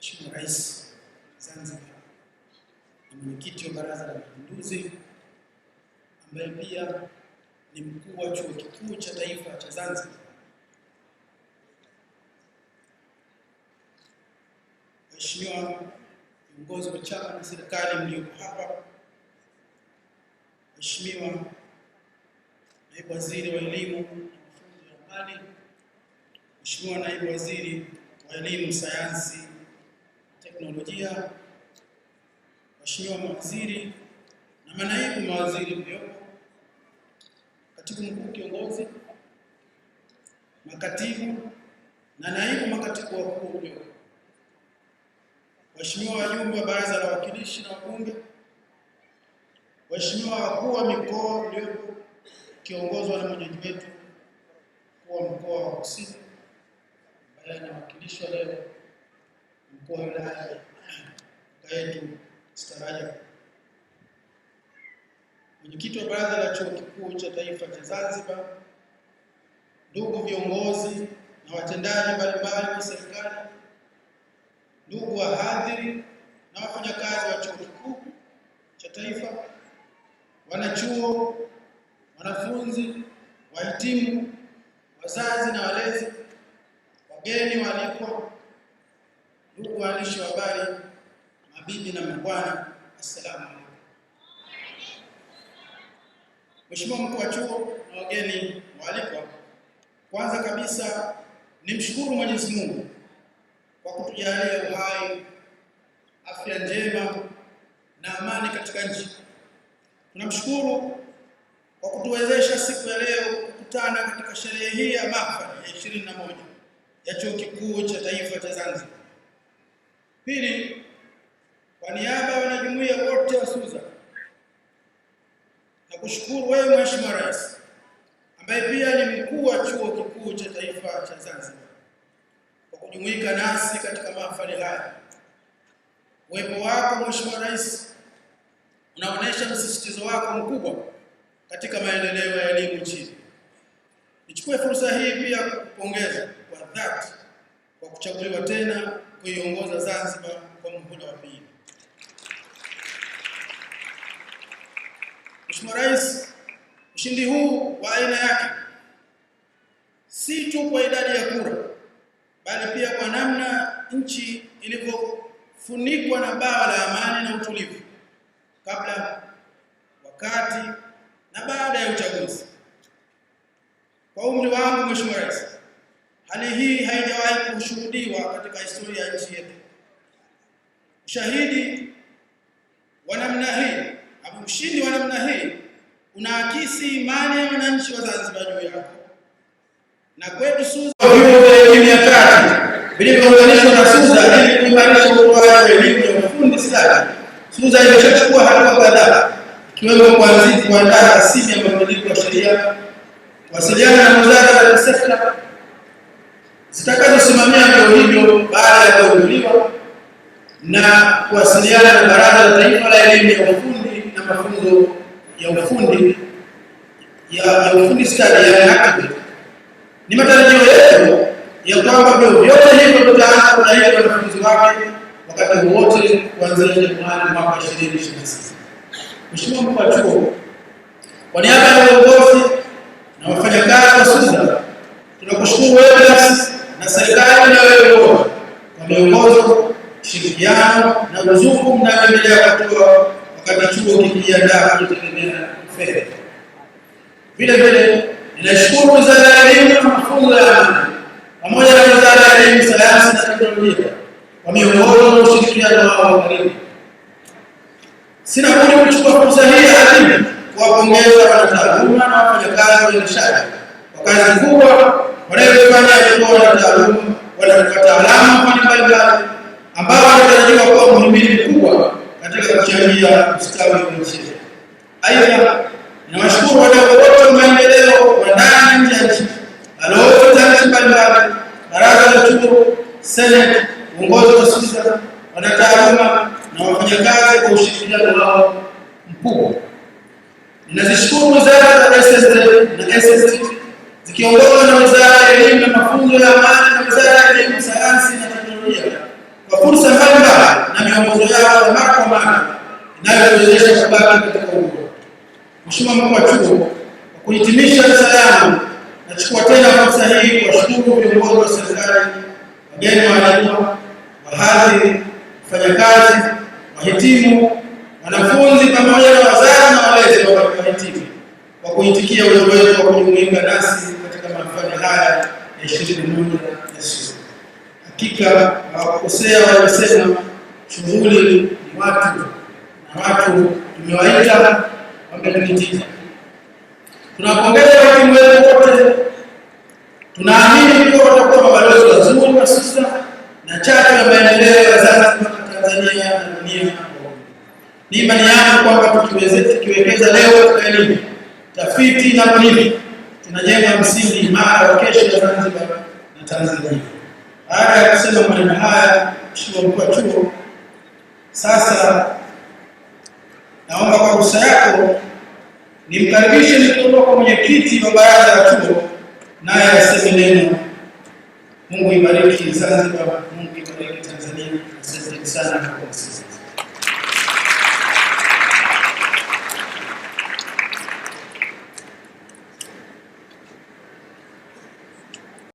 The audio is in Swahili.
Mheshimiwa Rais Zanzibar ni mwenyekiti wa Baraza la Mapinduzi ambaye pia ni mkuu wa Chuo Kikuu cha Taifa cha Zanzibar. Mheshimiwa viongozi wa chama na serikali mlioko hapa, Mheshimiwa Naibu Waziri wa Elimu na Mafunzo ya mbali, Mheshimiwa Naibu Waziri wa Elimu, Sayansi teknolojia, waheshimiwa mawaziri na manaibu mawaziri mliopo, katibu mkuu kiongozi, makatibu na naibu makatibu wakuu mliopo, waheshimiwa wajumbe wa baraza la wawakilishi na wabunge, waheshimiwa wakuu wa mikoa mliopo kiongozwa na mwenyeji wetu mkuu wa mkoa wa Kusini ambaye anawakilishwa leo mkuu Staraja, mwenyekiti wa baraza la chuo kikuu cha taifa cha Zanzibar, ndugu viongozi na watendaji mbalimbali wa serikali, ndugu wahadhiri na wafanyakazi wa chuo kikuu cha taifa, wanachuo, wanafunzi, wahitimu, wazazi na walezi, wageni waalikwa Ndugu waandishi wa habari, mabibi na mabwana, assalamu alaykum. Mheshimiwa mkuu wa chuo na wageni waalikwa, kwanza kabisa nimshukuru Mwenyezi Mungu kwa kutujalia uhai, afya njema na amani katika nchi. Tunamshukuru kwa kutuwezesha siku ya leo kukutana katika sherehe hii ya mahafali ya moja ya Chuo Kikuu cha Taifa cha Zanzibar. Pili, kwa niaba ya wanajumuiya wote wa SUZA na kushukuru wewe Mheshimiwa Rais ambaye pia ni mkuu wa chuo kikuu cha taifa cha Zanzibar kwa kujumuika nasi katika mahafali haya. Uwepo wako Mheshimiwa Rais unaonyesha msisitizo wako mkubwa katika maendeleo ya elimu nchini. Nichukue fursa hii pia kukupongeza kwa dhati kwa kuchaguliwa tena kuiongoza Zanzibar kwa muhula wa pili. Mheshimiwa Rais, ushindi huu wa aina yake si tu kwa idadi ya kura, bali pia kwa namna nchi ilivyofunikwa na bawa la amani na utulivu kabla, wakati na baada ya uchaguzi. Kwa umri wangu Mheshimiwa Rais, Hali hii haijawahi kushuhudiwa katika historia ya nchi yetu. Ushahidi wa namna hii au ushindi wa namna hii unaakisi imani ya wananchi wa Zanzibar juu yako na kwetu SUZA. Vyuo vya elimu ya kati vilivyounganishwa na SUZA ili kuimarisha utoaji wa elimu ya ufundi stadi, SUZA imeshachukua hatua kadhaa ikiwemo kuanzisha kuandaa rasimu ya mabadiliko ya sheria, kuwasiliana na wizara za sekta zitakazosimamia vyo hivyo baada ya kugunduliwa na kuwasiliana na Baraza la Taifa la Elimu ya Ufundi na Mafunzo ya Ufundi ya ufundi stadi ya ni matarajio yetu ya kwamba vyuo vyote hivyo vitaanza kunaia wanafunzi wake wakati wowote kuanzia Januari mwaka 2026. Mheshimiwa mkuu wa chuo, kwa niaba ya uongozi na wafanyakazi wa SUZA tunakushukuru wewe nafsi na serikali na kwa miongozo, ushirikiano na ruzuku mnayoendelea kutoa wakati chuo kikijiandaa kutegemea fedha. Vile vile ninashukuru Wizara ya Elimu na Mafunzo ya Amali pamoja na Wizara ya Elimu, Sayansi na Teknolojia kwa miongozo na ushirikiano wao wa karibu. Sina budi kuchukua fursa hii adhimu kuwapongeza wanataaluma na wafanyakazi wa nishati kwa kazi kubwa wataalamu mbalimbali ambao wanatarajiwa kuwa muhimili mkubwa katika kuchangia ustawi wa nchi Aidha, ninawashukuru wadau wote wa maendeleo wa ndani na nje ya nchi, balozi za nchi mbalimbali, baraza la chuo, seneti, uongozi wa taasisi, wanataaluma na wafanyakazi kwa ushirikiano wao mkubwa. Ninazishukuru wizara za SSD na SST ikiongozwa na Wizara ya Elimu na Mafunzo ya Amali na Wizara ya Elimu, Sayansi na Teknolojia kwa fursa mbalimbali na miongozo yao ya mara kwa mara inayowezesha shabaki katika huko. Mheshimiwa Mkuu wa Chuo, kwa kuhitimisha salamu yangu, nachukua tena fursa hii kuwashukuru viongozi wa serikali, wageni waalikwa, wahadhiri, wafanyakazi, wahitimu, wanafunzi pamoja na wazazi na walezi wa wahitimu kwa kuitikia wito wetu wa kujumuika nasi ya ishirini na moja na sita. Hakika hawakosea waliosema shughuli ni watu na watu tumewaita wamepitiza. Tunapongeza walimu wetu wote, tunaamini kuwa watakuwa mabalozi wazuri wa sisa na chachu ya maendeleo ya Zanzibar Tanzania na dunia. Ni imani yangu kwamba tukiwekeza leo katika elimu, tafiti na ulimi tunajenga msingi imara wa kesho ya Zanzibar na Tanzania. Baada ya kusema maneno haya, Mheshimiwa Mkuu wa Chuo, sasa naomba kwa ruhusa yako nimkaribishe nikiondoka mwenyekiti wa baraza la chuo, naye aseme neno. Mungu ibariki Zanzibar, Mungu ibariki Tanzania. Asanteni sana kwa kusikiliza.